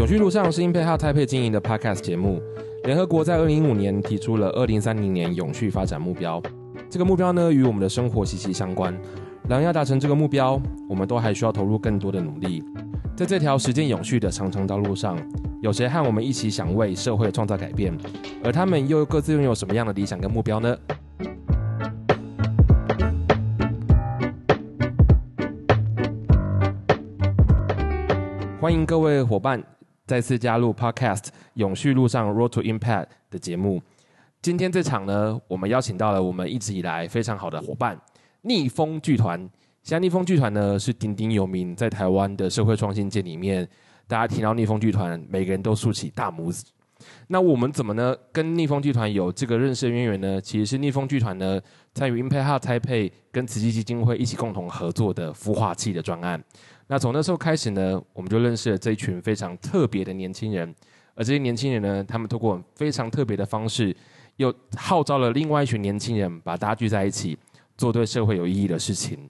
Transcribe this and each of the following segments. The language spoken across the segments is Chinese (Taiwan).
永續路上是 Impact Hub Taipei 經營的 Podcast 節目。聯合國在二零一五年提出了二零三零年永續發展目標，這個目標呢與我們的生活息息相關。然而要達成這個目標，我們都還需要投入更多的努力。在這條實踐永續的長長道路上，有誰和我們一起想為社會創造改變？而他們又各自擁有什麼樣的理想跟目標呢？歡迎各位夥伴。再次加入 Podcast《永續路上：Road to Impact》的節目。今天這場呢，我們邀請到了我們一直以來非常好的伙伴——逆風劇團。現在，逆風劇團呢是鼎鼎有名，在台灣的社會創新界裡面，大家聽到逆風劇團，每個人都豎起大拇指。那我們怎麼呢？跟逆風劇團有這個認識的淵源呢？其實是逆風劇團呢，參與 Impact Hub Taipei 跟慈濟基金會一起共同合作的孵化器的專案。那從那時候開始呢，我們就認識了這一群非常特別的年輕人。而這些年輕人呢，他們通過非常特別的方式，又號召了另外一群年輕人，把大家聚在一起，做對社會有意義的事情。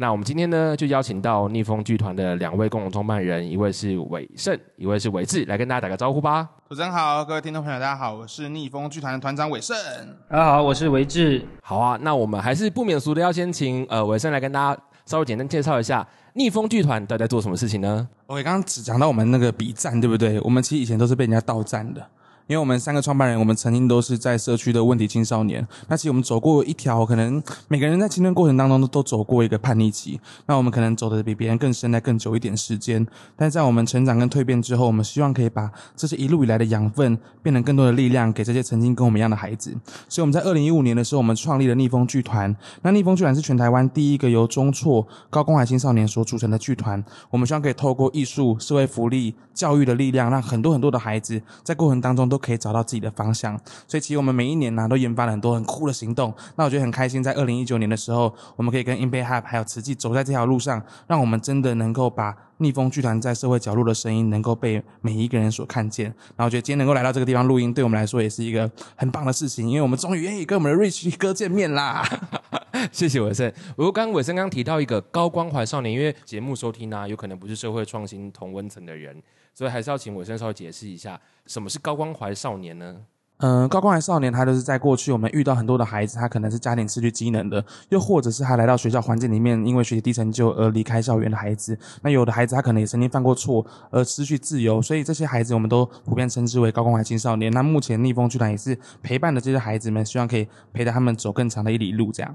那我們今天呢，就邀請到逆風劇團的兩位共同創辦人，一位是瑋盛，一位是韋志，來跟大家打個招呼吧。主持人好，各位聽眾朋友大家好，我是逆風劇團的團長瑋盛。大、啊、家好，我是韋志。好啊，那我們還是不免俗的要先請呃瑋盛來跟大家稍微簡單介紹一下逆風劇團到底在做什麼事情呢？我 k、okay, 剛剛只講到我們那個比讚對不對？我們其實以前都是被人家倒讚的。因為我們三個創辦人，我們曾經都是在社區的問題青少年。那其實我們走過一條，可能每個人在青春過程當中都都走過一個叛逆期。那我們可能走得比別人更深，再更久一點時間。但是在我們成長跟蛻變之後，我們希望可以把這些一路以來的養分變成更多的力量，給這些曾經跟我們一樣的孩子。所以我們在二零一五年的時候，我們創立了逆風劇團。那逆風劇團是全台灣第一個由中輟、高關懷青少年所組成的劇團。我們希望可以透過藝術、社會福利、教育的力量，讓很多很多的孩子在過程當中都。可以找到自己的方向，所以其實我們每一年呢、啊、都研發了很多很酷的行動。那我覺得很開心，在二零一九年的時候，我們可以跟 Impact Hub 還有慈濟走在這條路上，讓我們真的能夠把逆風劇團在社會角落的聲音能夠被每一個人所看見。然後我覺得今天能夠來到這個地方錄音，對我們來說也是一個很棒的事情，因為我們終於可以跟我們的瑞奇哥見面啦！ 謝謝瑋盛。不過剛瑋盛剛提到一個高關懷少年，因為節目收聽呢、啊，有可能不是社會創新同溫層的人。所以還是要請瑋盛稍微解釋一下，什麼是高關懷少年呢？嗯、呃，高關懷少年，他就是在過去我們遇到很多的孩子，他可能是家庭失去機能的，又或者是他來到學校環境裡面，因為學習低成就而離開校園的孩子。那有的孩子他可能也曾經犯過錯而失去自由，所以這些孩子我們都普遍稱之為高關懷青少年。那目前逆風劇團也是陪伴的這些孩子們，希望可以陪着他們走更長的一里路。這樣。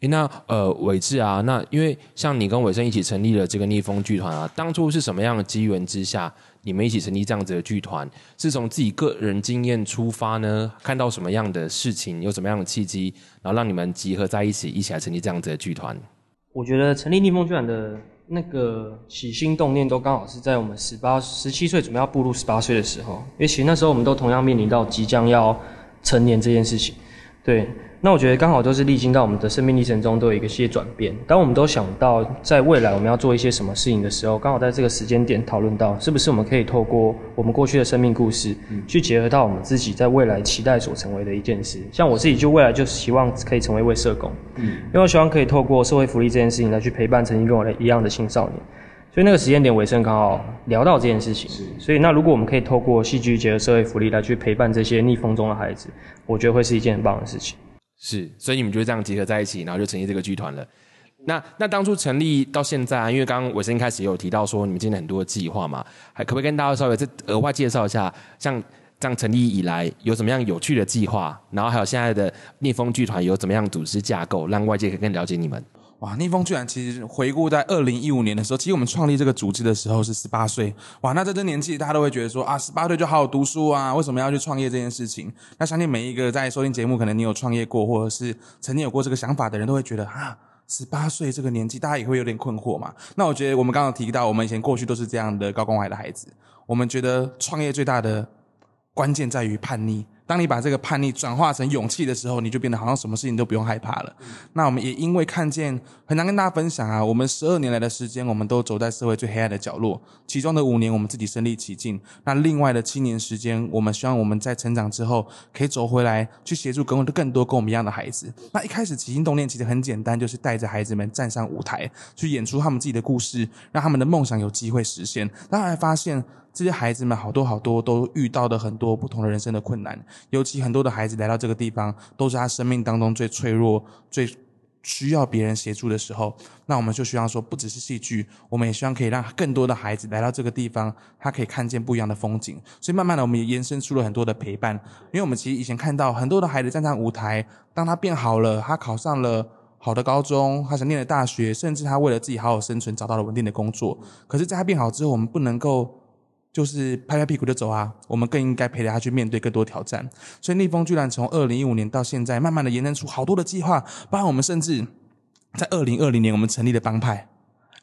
誒、欸，那呃，韋志啊，那因為像你跟瑋盛一起成立了這個逆風劇團啊，當初是什麼樣的機緣之下？你們一起成立這樣子的劇團，是從自己個人經驗出發呢？看到什麼樣的事情，有什麼樣的契機，然後讓你們集合在一起，一起來成立這樣子的劇團？我覺得成立逆風劇團的那個起心動念，都剛好是在我們十八、十七歲，準備要步入十八歲的時候，而且那時候我們都同樣面臨到即將要成年這件事情，對。那我覺得剛好都是歷經到我們的生命歷程中都有一個些轉變。當我們都想到在未來我們要做一些什麼事情的時候，剛好在這個時間點討論到是不是我們可以透過我們過去的生命故事，去結合到我們自己在未來期待所成為的一件事。像我自己就未來就希望可以成為一位社工，嗯，因為我希望可以透過社會福利這件事情來去陪伴曾經跟我的一樣的青少年。所以那個時間點尾聲剛好聊到這件事情。是。所以那如果我們可以透過戲劇結合社會福利來去陪伴這些逆風中的孩子，我覺得會是一件很棒的事情。是，所以你們就這樣結合在一起，然後就成立這個劇團了。那那當初成立到現在，啊，因為剛剛瑋盛一開始也有提到說你們今天很多的計劃嘛，還可不可以跟大家稍微再額外介紹一下？像這樣成立以來有怎麼樣有趣的計劃？然後還有現在的逆風劇團有怎麼樣組織架構，讓外界可以更了解你們？哇！逆風居然其實回顧在二零一五年的時候，其實我們創立這個組織的時候是十八歲。哇！那這個年紀，大家都會覺得說啊，十八歲就好好讀書啊，為什麼要去創業這件事情？那相信每一個在收聽節目，可能你有創業過，或者是曾經有過這個想法的人，都會覺得啊，十八歲這個年紀，大家也會有點困惑嘛。那我覺得我們剛剛提到，我們以前過去都是這樣的高關懷的孩子，我們覺得創業最大的關鍵在於叛逆。當你把這個叛逆轉化成勇氣的時候，你就變得好像什麼事情都不用害怕了。那我們也因為看見很難跟大家分享啊，我們十二年來的時間，我們都走在社會最黑暗的角落。其中的五年，我們自己身歷其境；那另外的七年時間，我們希望我們在成長之後，可以走回來去協助更多更多跟我們一樣的孩子。那一開始起心動念其實很簡單，就是帶着孩子們站上舞台去演出他們自己的故事，讓他們的夢想有機會實現。當然發現。這些孩子們好多好多都遇到的很多不同的人生的困難，尤其很多的孩子來到這個地方，都是他生命當中最脆弱、最需要別人協助的時候。那我們就希望說，不只是戲劇，我們也希望可以讓更多的孩子來到這個地方，他可以看見不一樣的風景。所以慢慢的，我們也延伸出了很多的陪伴，因為我們其實以前看到很多的孩子站在舞台，當他變好了，他考上了好的高中，他想念的大學，甚至他為了自己好好生存找到了穩定的工作。可是，在他變好之後，我們不能夠。就是拍拍屁股就走啊！我們更應該陪着他去面對更多挑戰。所以逆風居然從二零一五年到現在，慢慢的延伸出好多的計劃，包括我們甚至在二零二零年我們成立了幫派。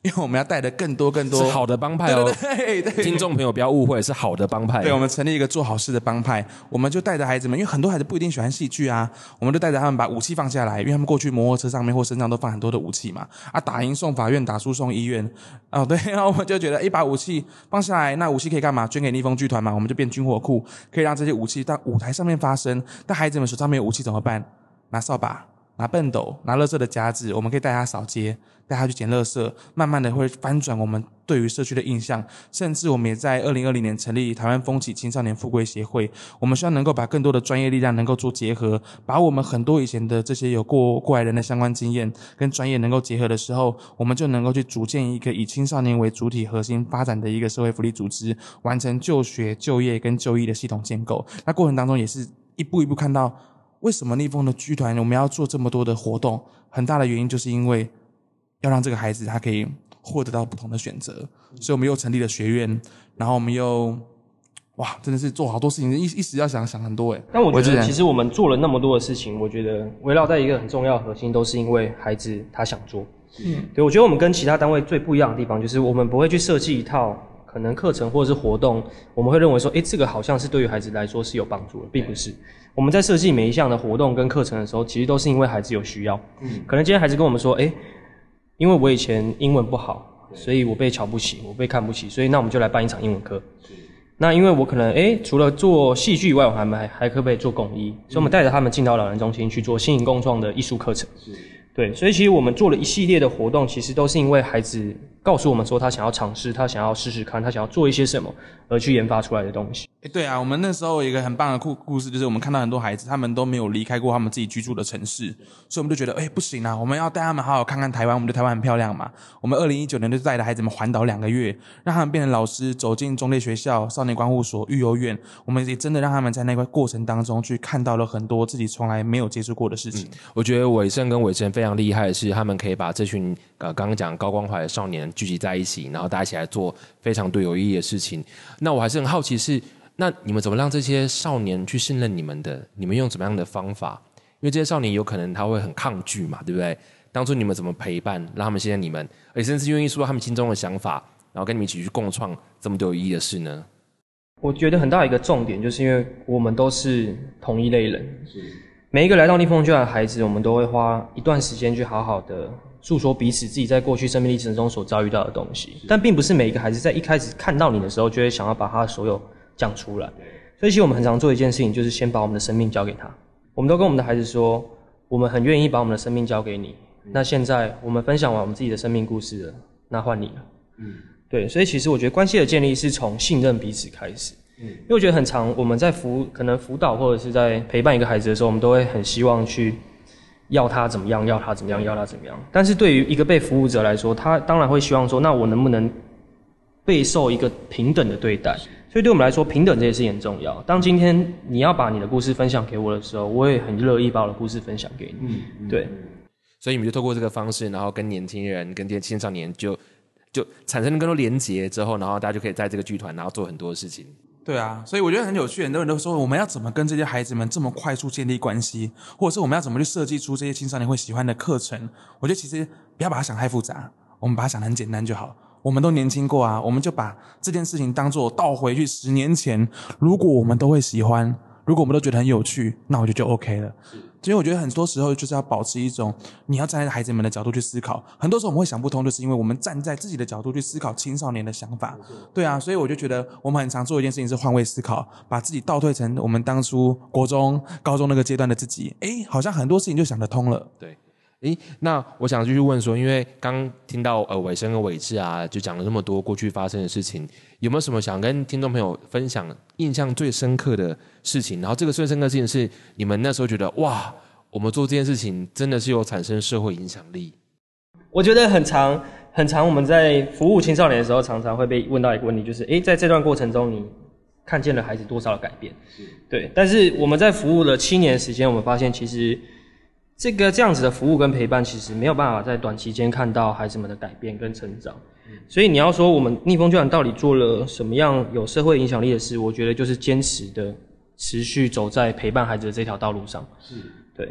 因為我們要帶的更多更多是好的幫派哦，對對對，對，聽眾朋友不要誤會，是好的幫派對對對對，我們成立一個做好事的幫派，我們就帶着孩子們，因為很多孩子不一定喜歡戲劇啊，我們就帶着他們把武器放下來，因為他們過去摩托車上面或身上都放很多的武器嘛，啊，打贏送法院，打輸送醫院，哦對，然後我們就覺得，欸，把武器放下來，那武器可以幹嘛？捐給逆風劇團嘛，我們就變軍火庫，可以讓這些武器到舞台上面發生。但孩子們手上沒有武器怎麼辦？拿掃把。拿畚斗、拿垃圾的夾子，我們可以帶他掃街，帶他去撿垃圾，慢慢的會翻轉我們對於社區的印象。甚至我們也在二零二零年成立台灣風起青少年復歸協會，我們希望能夠把更多的專業力量能夠做結合，把我們很多以前的這些有過過來人的相關經驗跟專業能夠結合的時候，我們就能夠去組建一個以青少年為主體核心發展的一個社會福利組織，完成就學、就業跟就醫的系統建構。那過程當中也是一步一步看到。為什麼逆風的劇團我們要做這麼多的活動？很大的原因就是因為要讓這個孩子他可以獲得到不同的選擇，所以我們又成立了學院，然後我們又哇，真的是做好多事情，一一時要想想很多哎。但我覺得其實我們做了那麼多的事情，我覺得圍繞在一個很重要核心，都是因為孩子他想做。嗯，對，我覺得我們跟其他單位最不一樣的地方，就是我們不會去設計一套。可能課程或者是活動，我們會認為說，誒、欸，這個好像是對於孩子來說是有幫助的，並不是。我們在設計每一項的活動跟課程的時候，其實都是因為孩子有需要。嗯、可能今天孩子跟我們說，誒、欸，因為我以前英文不好，所以我被瞧不起，我被看不起，所以那我們就來辦一場英文課。那因為我可能，誒、欸，除了做戲劇以外，我還還可不可以做公益。所以，我們帶着他們進到老人中心去做青銀共創的藝術課程。對，所以其實我們做了一系列的活動，其實都是因為孩子告訴我們說，他想要嘗試，他想要試試看，他想要做一些什麼，而去研發出來的東西。對啊，我們那時候有一個很棒的故故事，就是我們看到很多孩子，他們都沒有離開過他們自己居住的城市，所以我們就覺得，哎、欸，不行啊，我們要帶他們好好看看台灣。我們對台灣很漂亮嘛。我們二零一九年就帶着孩子們環島兩個月，讓他們變成老師，走進中輟學校、少年觀護所、育幼院。我們也真的讓他們在那個過程當中去看到了很多自己從來沒有接觸過的事情。嗯、我覺得瑋盛跟韋志非常厲害的是，是他們可以把這群呃剛剛講高關懷的少年聚集在一起，然後大家一起來做非常多有意義的事情。那我還是很好奇是。那你們怎麼讓這些少年去信任你們的？你們用怎麼樣的方法？因為這些少年有可能他會很抗拒嘛，對不對？當初你們怎麼陪伴，讓他們信任你們，而且甚至願意說他們心中的想法，然後跟你們一起去共創這麼多有意義的事呢？我覺得很大一個重點，就是因為我們都是同一類人，是每一個來到逆風劇團的孩子，我們都會花一段時間去好好的訴說彼此自己在過去生命歷程中所遭遇到的東西。但並不是每一個孩子在一開始看到你的時候，就會想要把他所有。講出來，所以其實我們很常做一件事情，就是先把我們的生命交給他。我們都跟我們的孩子說，我們很願意把我們的生命交給你。那現在我們分享完我們自己的生命故事了，那換你了。嗯，對。所以其實我覺得關係的建立是從信任彼此開始。嗯，因為我覺得很常我們在輔，可能輔導或者是在陪伴一個孩子的時候，我們都會很希望去要他怎麼樣，要他怎麼樣，要他怎麼樣。但是對於一個被服務者來說，他當然會希望說，那我能不能備受一個平等的對待？所以，對我們來說，平等這件事情很重要。當今天你要把你的故事分享給我的時候，我也很樂意把我的故事分享給你。嗯嗯、對，所以你們就透過這個方式，然後跟年輕人、跟這些青少年就，就就產生了更多連結之後，然後大家就可以在這個劇團，然後做很多事情。對啊，所以我覺得很有趣，很多人都說我們要怎麼跟這些孩子們這麼快速建立關係，或者是我們要怎麼去設計出這些青少年會喜歡的課程？我覺得其實不要把它想太複雜，我們把它想得很簡單就好。我們都年輕過啊，我們就把這件事情當作倒回去十年前，如果我們都會喜歡，如果我們都覺得很有趣，那我覺得就 OK 了。所以我覺得很多時候就是要保持一種，你要站在孩子們的角度去思考。很多時候我們會想不通，就是因為我們站在自己的角度去思考青少年的想法，對。對啊，所以我就覺得我們很常做一件事情是換位思考，把自己倒退成我們當初國中、高中那個階段的自己。誒，好像很多事情就想得通了。對。誒，那我想繼續問說，因為剛聽到呃瑋盛跟韋志啊，就講了那麼多過去發生的事情，有沒有什麼想跟聽眾朋友分享印象最深刻的事情？然後這個最深刻的事情是你們那時候覺得哇，我們做這件事情真的是有產生社會影響力？我覺得很常很常，我們在服務青少年的時候，常常會被問到一個問題，就是誒，在這段過程中，你看見了孩子多少的改變？是。對，但是我們在服務了七年時間，我們發現其實。這個這樣子的服務跟陪伴，其實沒有辦法在短期間看到孩子們的改變跟成長。所以你要說我們逆風劇團到底做了什麼樣有社會影響力的事，我覺得就是堅持的持續走在陪伴孩子的這條道路上。是對，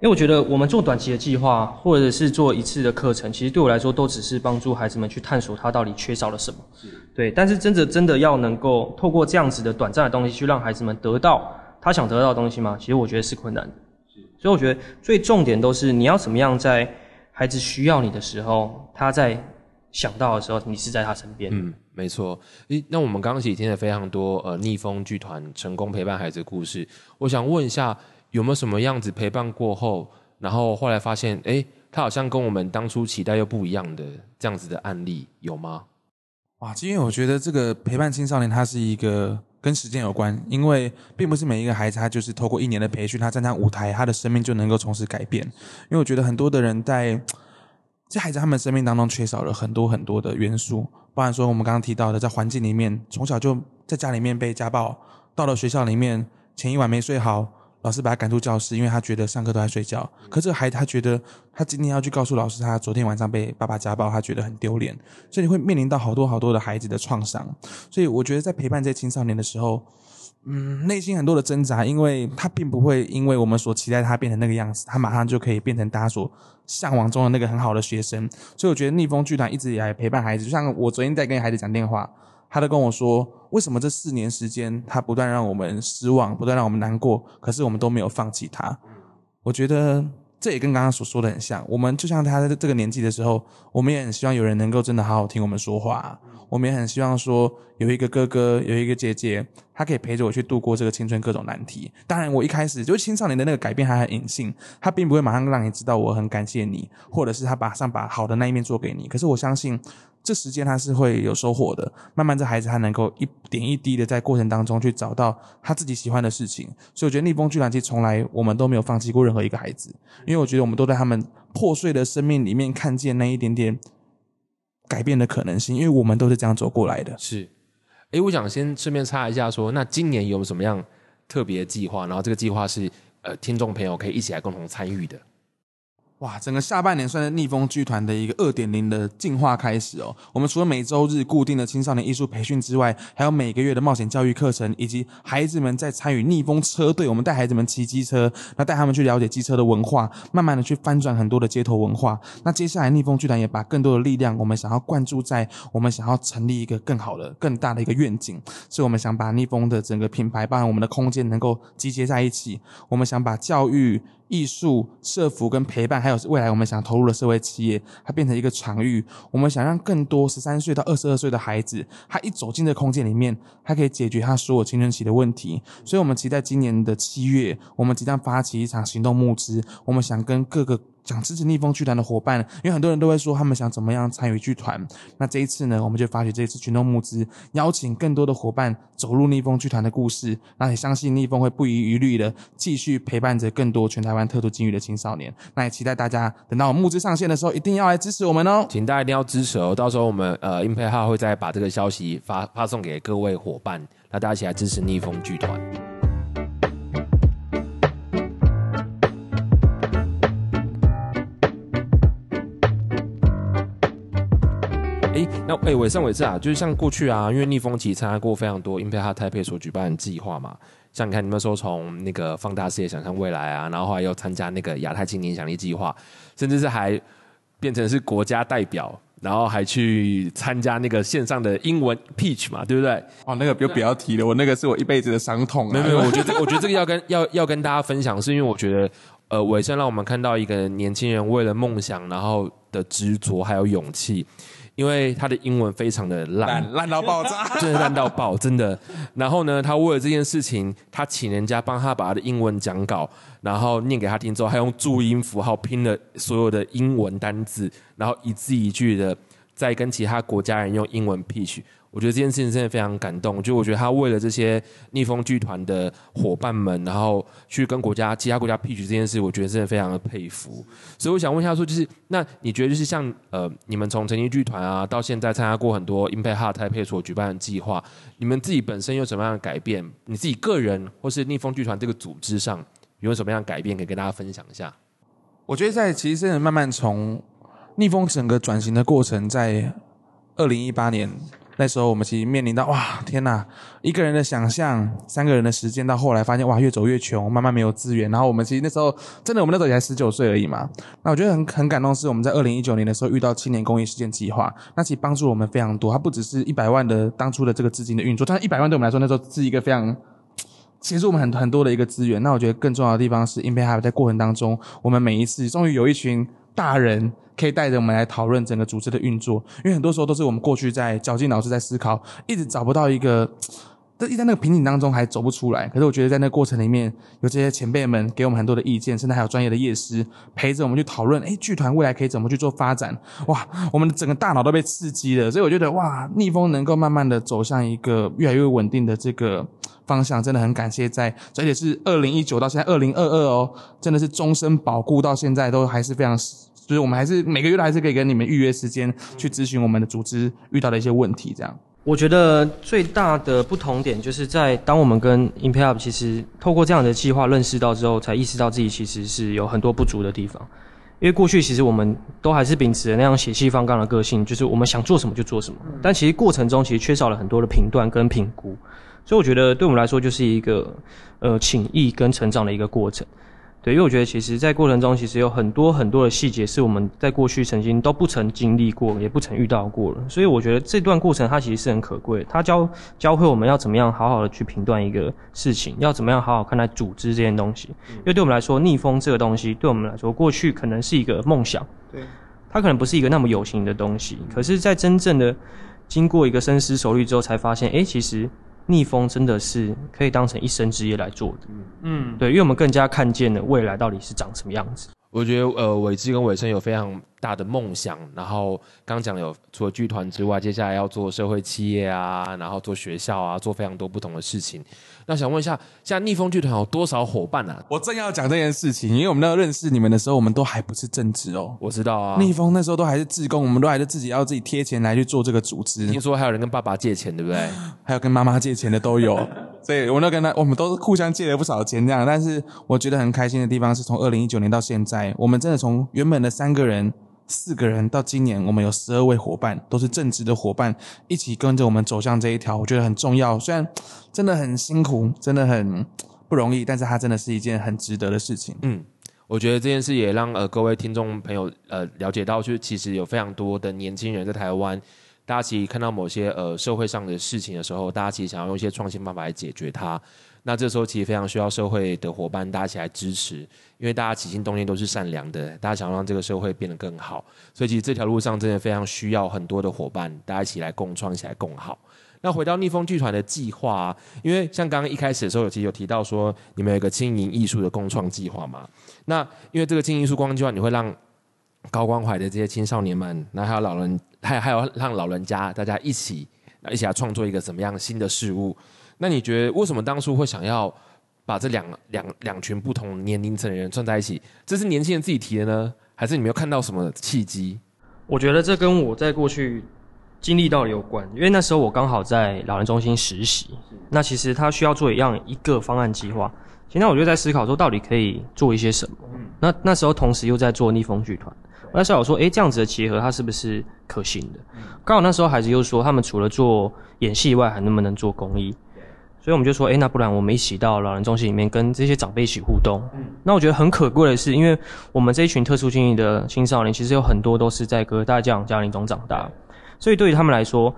因為我覺得我們做短期的計劃，或者是做一次的課程，其實對我來說都只是幫助孩子們去探索他到底缺少了什麼。對，但是真的真的要能夠透過這樣子的短暫的東西去讓孩子們得到他想得到的東西嗎？其實我覺得是困難的。所以我覺得最重點都是你要怎麼樣在孩子需要你的時候，他在想到的時候，你是在他身邊。嗯，沒錯。欸，那我們剛剛其實聽了非常多呃逆風劇團成功陪伴孩子的故事，我想問一下，有沒有什麼樣子陪伴過後，然後後來發現，欸，他好像跟我們當初期待又不一樣的這樣子的案例有嗎？哇，今天我覺得這個陪伴青少年，他是一個。跟時間有關，因為並不是每一個孩子，他就是透過一年的培訓，他站在舞台，他的生命就能夠從此改變。因為我覺得很多的人在這孩子他們生命當中缺少了很多很多的元素，包含說我們剛剛提到的，在環境裡面，從小就在家裡面被家暴，到了學校裡面，前一晚沒睡好。老師把他趕出教室，因為他覺得上課都在睡覺。可這孩子他覺得，他今天要去告訴老師，他昨天晚上被爸爸家暴，他覺得很丟臉。所以你會面臨到好多好多的孩子的創傷。所以我覺得在陪伴這些青少年的時候，嗯，內心很多的掙扎，因為他並不會因為我們所期待他變成那個樣子，他馬上就可以變成大家所向往中的那個很好的學生。所以我覺得逆風劇團一直以來陪伴孩子，就像我昨天在跟孩子講電話，他都跟我說，為什麼這四年時間他不斷讓我們失望，不斷讓我們難過？可是我們都沒有放棄他。我覺得這也跟剛剛所說的很像。我們就像他在這個年紀的時候，我們也很希望有人能夠真的好好聽我們說話。我們也很希望說有一個哥哥，有一個姐姐，他可以陪着我去度過這個青春各種難題。當然，我一開始就是青少年的那個改變還很隱性，他並不會馬上讓你知道我很感謝你，或者是他馬上把好的那一面做給你。可是我相信。這時間他是會有收穫的，慢慢這孩子他能夠一點一滴的在過程當中去找到他自己喜歡的事情，所以我覺得逆風劇團其實從來我們都沒有放棄過任何一個孩子，因為我覺得我們都在他們破碎的生命裡面看見那一點點改變的可能性，因為我們都是這樣走過來的。是。誒，我想先順便插一下說，說那今年有什麼樣特別的計劃，然後這個計劃是呃聽眾朋友可以一起來共同參與的？哇，整個下半年算是逆風劇團的一個二點零的進化開始哦。我們除了每週日固定的青少年藝術培訓之外，還有每個月的冒險教育課程，以及孩子們在參與逆風車隊。我們帶孩子們騎機車，那帶他們去了解機車的文化，慢慢的去翻轉很多的街頭文化。那接下來逆風劇團也把更多的力量，我們想要灌注在我們想要成立一個更好的、更大的一個願景。所以我們想把逆風的整個品牌，包含我們的空間能夠集結在一起。我們想把教育。藝術、社福跟陪伴，還有未來我們想投入的社會企業，它變成一個場域。我們想讓更多十三歲到二十二歲的孩子，他一走進這空間裡面，他可以解決他所有青春期的問題。所以，我們期待今年的七月，我們即將發起一場行動募資。我們想跟各個。想支持逆風劇團的伙伴，因為很多人都會說他們想怎麼樣參與劇團。那這一次呢，我們就發起這一次群眾募資，邀請更多的伙伴走入逆風劇團的故事。那也相信逆風會不遺餘力的繼續陪伴着更多全台灣特殊境遇的青少年。那也期待大家等到我們募資上線的時候，一定要來支持我們哦！請大家一定要支持哦！到時候我們呃 Impact Hub 會再把這個消息發發送給各位伙伴。那大家一起來支持逆風劇團。那哎，偉盛偉盛啊，就是像過去啊，因為逆風奇參加過非常多 Impact Hub Taipei 所舉辦的計劃嘛，像你看，你沒說從那個放大視野、想象未來啊，然後後來又參加那個亞太青年影響力計劃，甚至是還變成是國家代表，然後還去參加那個線上的英文 Pitch 嘛，對不對？哦，那個就不要提了，我那個是我一輩子的傷痛啊。沒有，沒有，我覺得這個、我覺得這個要跟 要要跟大家分享，是因為我覺得呃，偉盛讓我們看到一個年輕人為了夢想，然後的執着還有勇氣。因為他的英文非常的爛，爛，爛到爆炸，真的爛到爆， 真的。然後呢，他為了這件事情，他請人家幫他把他的英文講稿，然後念給他聽之後，他用注音符號拼了所有的英文單字，然後一字一句的再跟其他國家人用英文 pitch。我覺得這件事情真的非常感動，就我覺得他為了這些逆風劇團的夥伴們，然後去跟國家其他國家 push 這件事，我覺得真的非常的佩服。所以我想問一下，說就是那你覺得就是像呃，你們從成立劇團啊，到現在參加過很多 Impact Hub Taipei 所舉辦的計劃，你們自己本身有什麼樣的改變？你自己個人或是逆風劇團這個組織上有什麼樣的改變，可以跟大家分享一下？我覺得在其實慢慢從逆風整個轉型的過程，在二零一八年。那時候我們其實面臨到哇天哪，一個人的想象，三個人的時間，到後來發現哇越走越窮，慢慢沒有資源。然後我們其實那時候真的我們那時候才十九歲而已嘛。那我覺得很很感動是我們在二零一九年的時候遇到青年公益實踐計劃，那其實幫助我們非常多。它不只是一百萬的當初的這個資金的運作，但一百萬對我們來說那時候是一個非常，其實我們很很多的一個資源。那我覺得更重要的地方是 Impact Hub 在過程當中，我們每一次終於有一群大人。可以帶着我們來討論整個組織的運作，因為很多時候都是我們過去在絞盡腦汁在思考，一直找不到一個，但在那個瓶頸當中還走不出來。可是我覺得在那個過程裡面，有這些前輩們給我們很多的意見，甚至還有專業的業師陪着我們去討論。誒，劇團未來可以怎麼去做發展？哇，我們的整個大腦都被刺激了。所以我覺得哇，逆風能夠慢慢的走向一個越來越穩定的這個方向，真的很感謝在，而且是二零一九到現在二零二二哦，真的是終身保固到現在都還是非常。就是我們還是每個月都還是可以跟你們預約時間去諮詢我們的組織遇到的一些問題，這樣。我覺得最大的不同點就是在當我們跟 Impact Hub 其實透過這樣的計劃認識到之後，才意識到自己其實是有很多不足的地方。因為過去其實我們都還是秉持着那樣血氣方剛的個性，就是我們想做什麼就做什麼。但其實過程中其實缺少了很多的評斷跟評估，所以我覺得對我們來說就是一個呃，請益跟成長的一個過程。對，因為我覺得其實，在過程中，其實有很多很多的細節是我們在過去曾經都不曾經歷過，也不曾遇到過了。所以我覺得這段過程它其實是很可貴，它教教會我們要怎麼樣好好的去評斷一個事情，要怎麼樣好好看待組織這件東西。嗯。因為對我們來說，逆風這個東西，對我們來說，過去可能是一個夢想，對，它可能不是一個那麼有形的東西。可是，在真正的經過一個深思熟慮之後，才發現，哎、欸，其實。逆風真的是可以當成一生志業來做的，嗯，對，因為我們更加看見了未來到底是長什麼樣子。我覺得呃，韋志跟瑋盛有非常。大的夢想，然後剛講有除了劇團之外，接下來要做社會企業啊，然後做學校啊，做非常多不同的事情。那想問一下，像逆風劇團有多少夥伴啊？我正要講這件事情，因為我們那時候認識你們的時候，我們都還不是正職哦。我知道啊，逆風那時候都還是志工，我們都還是自己要自己貼錢來去做這個組織。聽說還有人跟爸爸借錢，對不對？還有跟媽媽借錢的都有， 所以我們都跟他，我們都是互相借了不少錢這樣。但是我覺得很開心的地方，是從二零一九年到現在，我們真的從原本的三個人，四個人到今年，我們有十二位夥伴，都是正直的夥伴，一起跟着我們走向這一條，我覺得很重要。雖然真的很辛苦，真的很不容易，但是它真的是一件很值得的事情。嗯，我覺得這件事也讓呃各位聽眾朋友呃了解到，就是其實有非常多的年輕人在台灣，大家其實看到某些呃社會上的事情的時候，大家其實想要用一些創新方法來解決它。那這時候其實非常需要社會的伙伴大家一起來支持，因為大家起心動念都是善良的，大家想讓這個社會變得更好，所以其實這條路上真的非常需要很多的伙伴，大家一起來共創，一起來共好。那回到逆風劇團的計劃啊，因為像剛剛一開始的時候，有其實有提到說你們有一個青銀藝術的共創計劃嘛？那因為這個青銀藝術共創計劃，你會讓高關懷的這些青少年們，那還有老人，還還有讓老人家大家一起一起來創作一個怎麼樣新的事物？那你覺得為什麼當初會想要把這兩兩兩群不同年齡層的人串在一起？這是年輕人自己提的呢，還是你沒有看到什麼契機？我覺得這跟我在過去經歷到有關，因為那時候我剛好在老人中心實習。那其實他需要做一樣一個方案計劃。現在我就在思考說，到底可以做一些什麼？那那時候同時又在做逆風劇團。我在想我說，誒，欸，這樣子的結合它是不是可行的？剛好那時候孩子又說，他們除了做演戲以外，還能不能做公益？所以我們就說，誒、欸，那不然我們一起到老人中心裡面跟這些長輩一起互動，嗯。那我覺得很可貴的是，因為我們這一群特殊經歷的青少年，其實有很多都是在隔代、家長家庭中長大，所以對於他們來說，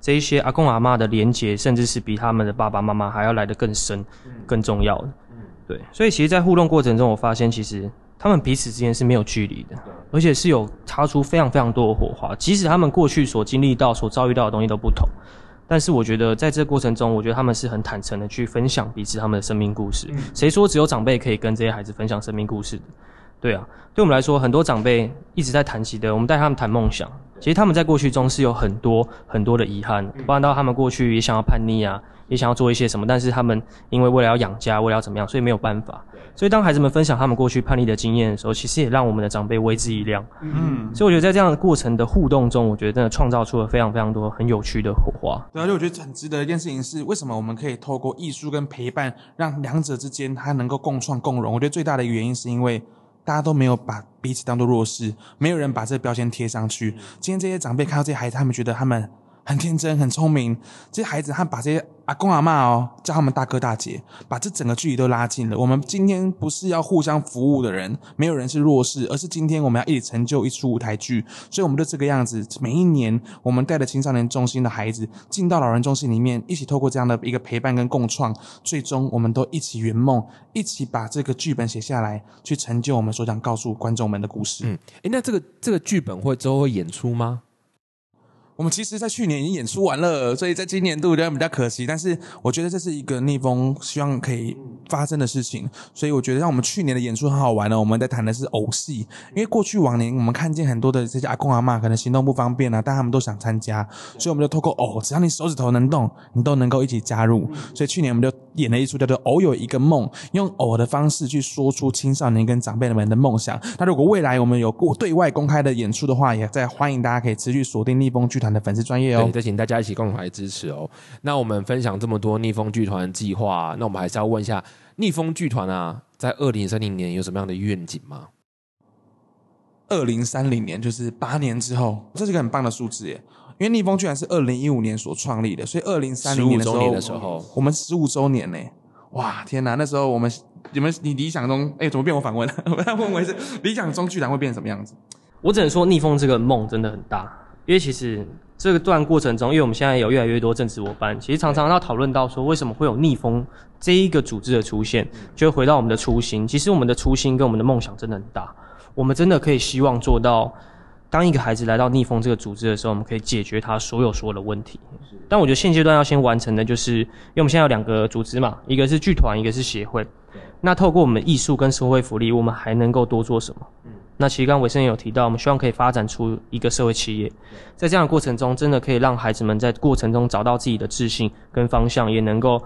這一些阿公阿嬤的連結，甚至是比他們的爸爸媽媽還要來得更深、嗯、更重要的、嗯。對。所以其實，在互動過程中，我發現其實他們彼此之間是沒有距離的，而且是有擦出非常非常多的火花，即使他們過去所經歷到、所遭遇到的東西都不同。但是我覺得，在這個過程中，我覺得他們是很坦誠的去分享彼此他們的生命故事。誰說只有長輩可以跟這些孩子分享生命故事的？對啊，對我們來說，很多長輩一直在談及的，我們帶他們談夢想。其實他們在過去中是有很多很多的遺憾，不然到他們過去也想要叛逆啊，也想要做一些什麼，但是他們因為為了要養家，為了要怎麼樣，所以沒有辦法。所以當孩子們分享他們過去叛逆的經驗的時候，其實也讓我們的長輩為之一亮。嗯，所以我覺得在這樣的過程的互動中，我覺得真的創造出了非常非常多很有趣的火花。對啊，而且我覺得很值得的一件事情是，為什麼我們可以透過藝術跟陪伴，讓兩者之間它能夠共創共榮？我覺得最大的原因是因為大家都沒有把彼此當做弱勢，沒有人把這個標籤貼上去。今天這些長輩看到這些孩子，他們覺得他們。很天真，很聰明，這些孩子他把這些阿公阿媽哦叫他們大哥大姐，把這整個距離都拉近了。我們今天不是要互相服務的人，沒有人是弱勢，而是今天我們要一起成就一出舞台劇。所以我們就這個樣子，每一年我們帶着青少年中心的孩子進到老人中心裡面，一起透過這樣的一個陪伴跟共創，最終我們都一起圓夢，一起把這個劇本寫下來，去成就我們所想告訴觀眾們的故事。嗯，誒那這個這個劇本會之後會演出嗎？我們其實，在去年已經演出完了，所以在今年度當然比較可惜。但是，我覺得這是一個逆風，希望可以發生的事情。所以，我覺得像我們去年的演出很好玩了、哦。我們在談的是偶戲，因為過去往年我們看見很多的這些阿公阿嬤可能行動不方便啊，但他們都想參加，所以我們就透過偶、哦，只要你手指頭能動，你都能夠一起加入。所以去年我們就演了一出叫做《偶有一個夢》，用偶的方式去說出青少年跟長輩們的夢想。那如果未來我們有對外公開的演出的話，也在歡迎大家可以持續鎖定逆風劇。團的粉絲專業哦，再請大家一起共同來支持哦。那我們分享這麼多逆風劇團計劃，那我們還是要問一下逆風劇團啊，在二零三零年有什麼樣的願景嗎？二零三零年就是八年之後，這是一個很棒的數字耶！因為逆風劇團是二零一五年所創立的，所以二零三零年的時候，我們十五周年呢！哇，天吶，那時候我們你們你理想中，哎，怎麼變我反問了？我要問我是理想中劇團會變成什麼樣子？我只能說逆風這個夢真的很大。因為其實這個段過程中，因為我們現在有越來越多政治夥伴，其實常常要討論到說，為什麼會有逆風這一個組織的出現？就會回到我們的初心，其實我們的初心跟我們的夢想真的很大，我們真的可以希望做到，當一個孩子來到逆風這個組織的時候，我們可以解決他所有所有的問題。但我覺得現階段要先完成的就是，因為我們現在有兩個組織嘛，一個是劇團，一個是協會。那透過我們藝術跟社會福利，我們還能夠多做什麼？那其實剛剛瑋盛也有提到，我們希望可以發展出一個社會企業，在這樣的過程中，真的可以讓孩子們在過程中找到自己的自信跟方向，也能夠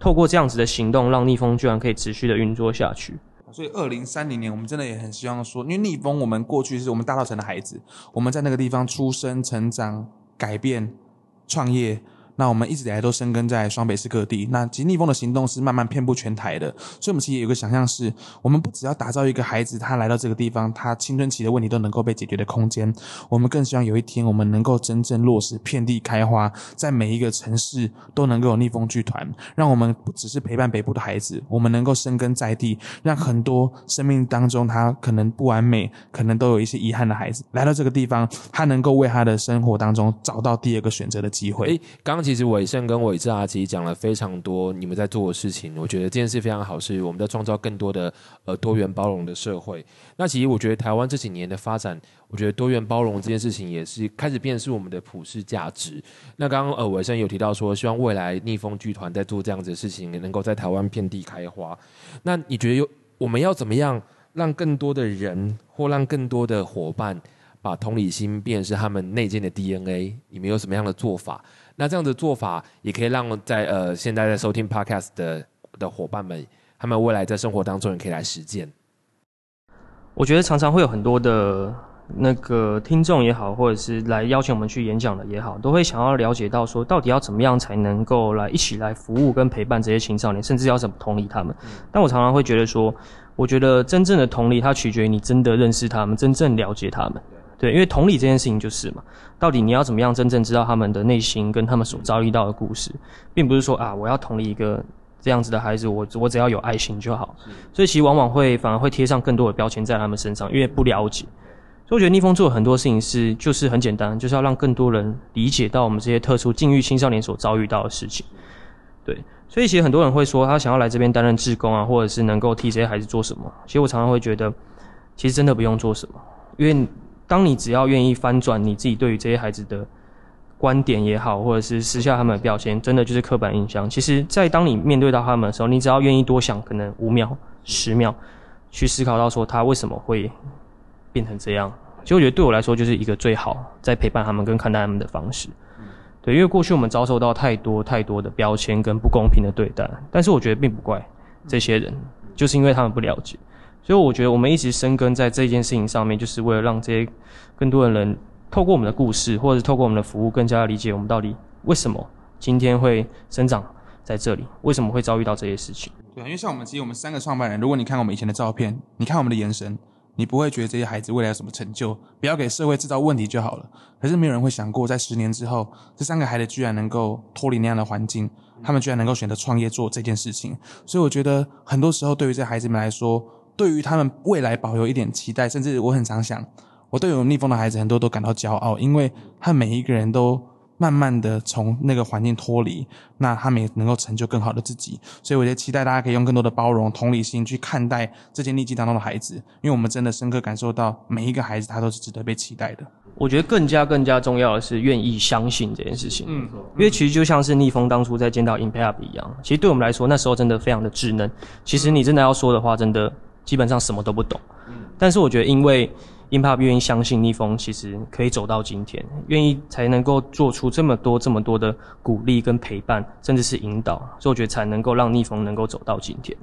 透過這樣子的行動，讓逆風居然可以持續的運作下去。所以二零三零年，我們真的也很希望說，因為逆風，我們過去是我們大稻埕的孩子，我們在那個地方出生成長、改變、創業。那我們一直以來都生根在雙北市各地，那其實逆風的行動是慢慢遍布全台的，所以我們其實也有個想象是，我們不只要打造一個孩子，他來到這個地方，他青春期的問題都能夠被解決的空間，我們更希望有一天我們能夠真正落實遍地開花，在每一個城市都能夠有逆風劇團，讓我們不只是陪伴北部的孩子，我們能夠生根在地，讓很多生命當中他可能不完美，可能都有一些遺憾的孩子來到這個地方，他能夠為他的生活當中找到第二個選擇的機會。誒，剛剛。其實瑋盛跟韋志啊，其實講了非常多你們在做的事情。我覺得這件事非常好，是我們在創造更多的呃多元包容的社會。那其實我覺得台灣這幾年的發展，我覺得多元包容這件事情也是開始變成是我們的普世價值。那剛剛呃瑋盛有提到說，希望未來逆風劇團在做這樣子的事情，也能夠在台灣遍地開花。那你覺得有我們要怎麼樣，讓更多的人或讓更多的夥伴？把同理心變成是他們內建的 DNA，你們有什麼樣的做法？那這樣的做法也可以讓在呃現在在收聽 Podcast 的的夥伴們，他們未來在生活當中也可以來實踐。我覺得常常會有很多的那個聽眾也好，或者是來邀請我們去演講的也好，都會想要了解到說到底要怎麼樣才能夠來一起來服務跟陪伴這些青少年，甚至要怎麼同理他們。但我常常會覺得說，我覺得真正的同理，它取決於你真的認識他們，真正了解他們。對，因為同理這件事情就是嘛，到底你要怎麼樣真正知道他們的內心跟他們所遭遇到的故事，並不是說啊，我要同理一個這樣子的孩子，我我只要有愛心就好。所以其實往往會反而會貼上更多的標籤在他們身上，因為不了解。所以我覺得逆風做的很多事情是就是很簡單，就是要讓更多人理解到我們這些特殊境遇青少年所遭遇到的事情。對，所以其實很多人會說他想要來這邊擔任志工啊，或者是能夠替這些孩子做什麼。其實我常常會覺得，其實真的不用做什麼，因為。當你只要願意翻轉你自己對於這些孩子的觀點也好，或者是撕下他們的標籤，真的就是刻板印象。其實，在當你面對到他們的時候，你只要願意多想，可能五秒、十秒去思考到說他為什麼會變成這樣，其實我覺得對我來說就是一個最好在陪伴他們跟看待他們的方式。對，因為過去我們遭受到太多太多的標籤跟不公平的對待，但是我覺得並不怪這些人，就是因為他們不了解。所以我覺得我們一直深耕在這件事情上面，就是為了讓這些更多的人透過我們的故事，或者透過我們的服務，更加理解我們到底為什麼今天會生長在這裡，為什麼會遭遇到這些事情。對啊，因為像我們，其實我們三個創辦人，如果你看我們以前的照片，你看我們的眼神，你不會覺得這些孩子未來有什麼成就，不要給社會製造問題就好了。可是沒有人會想過，在十年之後，這三個孩子居然能夠脫離那樣的環境，他們居然能夠選擇創業做這件事情。所以我覺得很多時候，對於這些孩子們來說，對於他們未來保有一點期待，甚至我很常想，我對於逆風的孩子很多都感到驕傲，因為他每一個人都慢慢的從那個環境脫離，那他們也能夠成就更好的自己。所以，我覺得期待大家可以用更多的包容、同理心去看待這些逆境當中的孩子，因為我們真的深刻感受到每一個孩子他都是值得被期待的。我覺得更加更加重要的是願意相信這件事情。嗯，因為其實就像是逆風當初在見到 Impact 一樣，其實對我們來說，那時候真的非常的稚嫩。其實你真的要說的話，真的。基本上什麼都不懂，但是我覺得，因為 Impact 願意相信逆風其實可以走到今天，願意才能夠做出這麼多這麼多的鼓勵跟陪伴，甚至是引導，所以我覺得才能夠讓逆風能夠走到今天。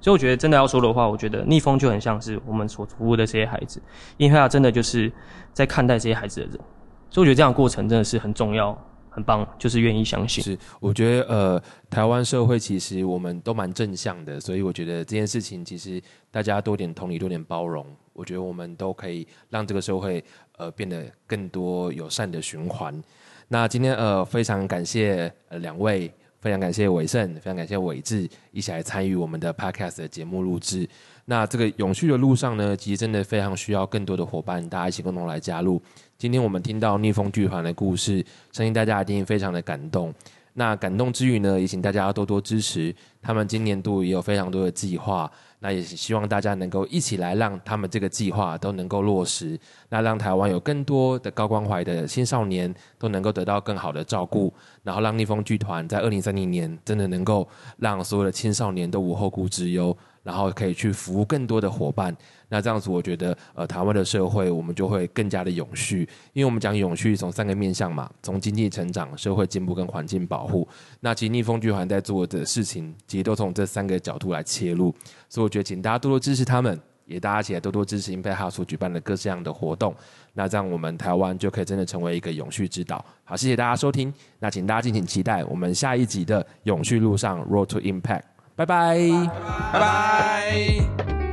所以我覺得真的要說的話，我覺得逆風就很像是我們所服務的這些孩子，因為他真的就是在看待這些孩子的人，所以我覺得這樣的過程真的是很重要。很棒，就是願意相信。是，我覺得呃，台灣社會其實我們都蠻正向的，所以我覺得這件事情其實大家多點同理，多點包容，我覺得我們都可以讓這個社會呃變得更多友善的循環。那今天呃，非常感謝呃，兩位，非常感謝瑋盛，非常感謝韋志，一起來參與我們的 Podcast 的節目錄製。那這個永續的路上呢，其實真的非常需要更多的夥伴，大家一起共同來加入。今天我們聽到逆風劇團的故事，相信大家一定非常的感動。那感動之餘呢，也請大家多多支持他們。今年度也有非常多的計劃，那也是希望大家能夠一起來，讓他們這個計劃都能夠落實。那讓台灣有更多的高關懷的青少年都能夠得到更好的照顧，然後讓逆風劇團在二零三零年真的能夠讓所有的青少年都無後顧之憂。然後可以去服務更多的夥伴，那這樣子我覺得，呃，台灣的社會我們就會更加的永續。因為我們講永續從三個面向嘛，從經濟成長、社會進步跟環境保護。那其實逆風劇團在做的事情，其實都從這三個角度來切入。所以我覺得，請大家多多支持他們，也大家起來多多支持 Impact Hub 所舉辦的各式各樣的活動。那這樣我們台灣就可以真的成為一個永續之島。好，謝謝大家收聽。那請大家敬請期待我們下一集的永續路上，Road to Impact。拜拜，拜拜。